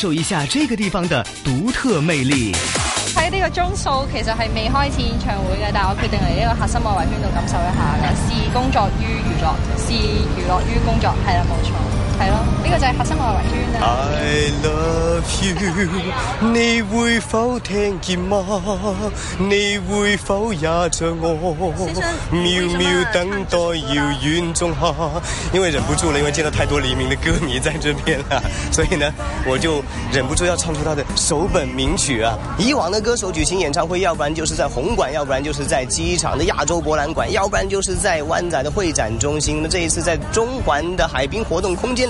感受一下這個地方的獨特魅力。喺呢個鐘數，其實係未開始演唱會嘅，但係我決定嚟呢個核心外圍圈度感受一下嘅。視工作於娛樂，視娛樂於工作，係啦，冇錯。係、這、咯、個，呢個就係核心外圍圈啦。I love you，你會否聽見嗎？你會否也像我？秒秒等待遙遠仲夏。因為忍不住了，因為見到太多黎明的歌迷在這邊啦，所以呢，我就忍不住要唱出他的首本名曲啊！以往的歌手舉行演唱會，要不然就是在紅館，要不然就是在機場的亞洲博覽館，要不然就是在灣仔的會展中心。那這一次在中環的海濱活動空間。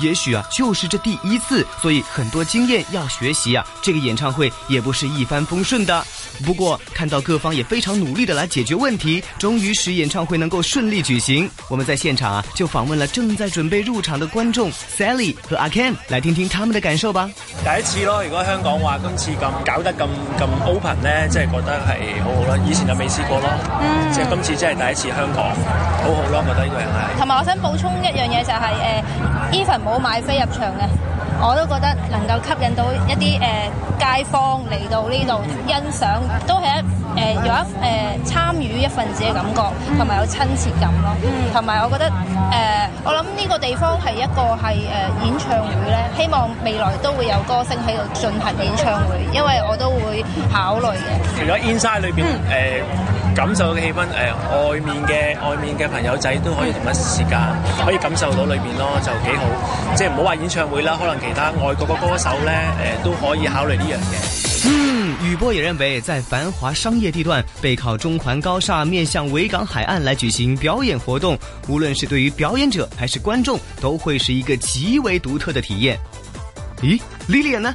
也許啊，就是這第一次，所以很多經驗要學習啊，這個演唱會也不是一帆風順的。不過看到各方也非常努力的來解決問題，終於使演唱會能夠順利舉行。我們在現場啊，就訪問了正在準備入場的觀眾 Sally 和阿 Ken 來聽聽他們的感受吧。第一次咯，如果香港話，今次咁搞得咁咁 open 呢，即係覺得係好好咯。以前就未試過咯，嗯、即係今次真係第一次香港，好好咯，我覺得呢個係。同埋，我想補充一樣嘢就係誒，Even。呃冇買飛入場嘅，我都覺得能夠吸引到一啲誒、呃、街坊嚟到呢度欣賞，都係一誒、呃、有一誒參與一份子嘅感覺，同、嗯、埋有親切感咯。同、嗯、埋我覺得誒、呃，我諗呢個地方係一個係誒、呃、演唱會咧，希望未來都會有歌星喺度進行演唱會，因為我都會考慮嘅。除咗 Inside 裏邊誒。嗯呃感受嘅氣氛、呃，外面嘅外面嘅朋友仔都可以同一時間可以感受到裏面咯，就幾好。即係唔好話演唱會啦，可能其他外國嘅歌手咧、呃，都可以考慮呢樣嘅。嗯，宇波也認為，在繁華商業地段背靠中環高廈面向維港海岸來舉行表演活動，無論是對於表演者還是觀眾，都會是一個極為獨特的體驗。咦，莉莉安呢？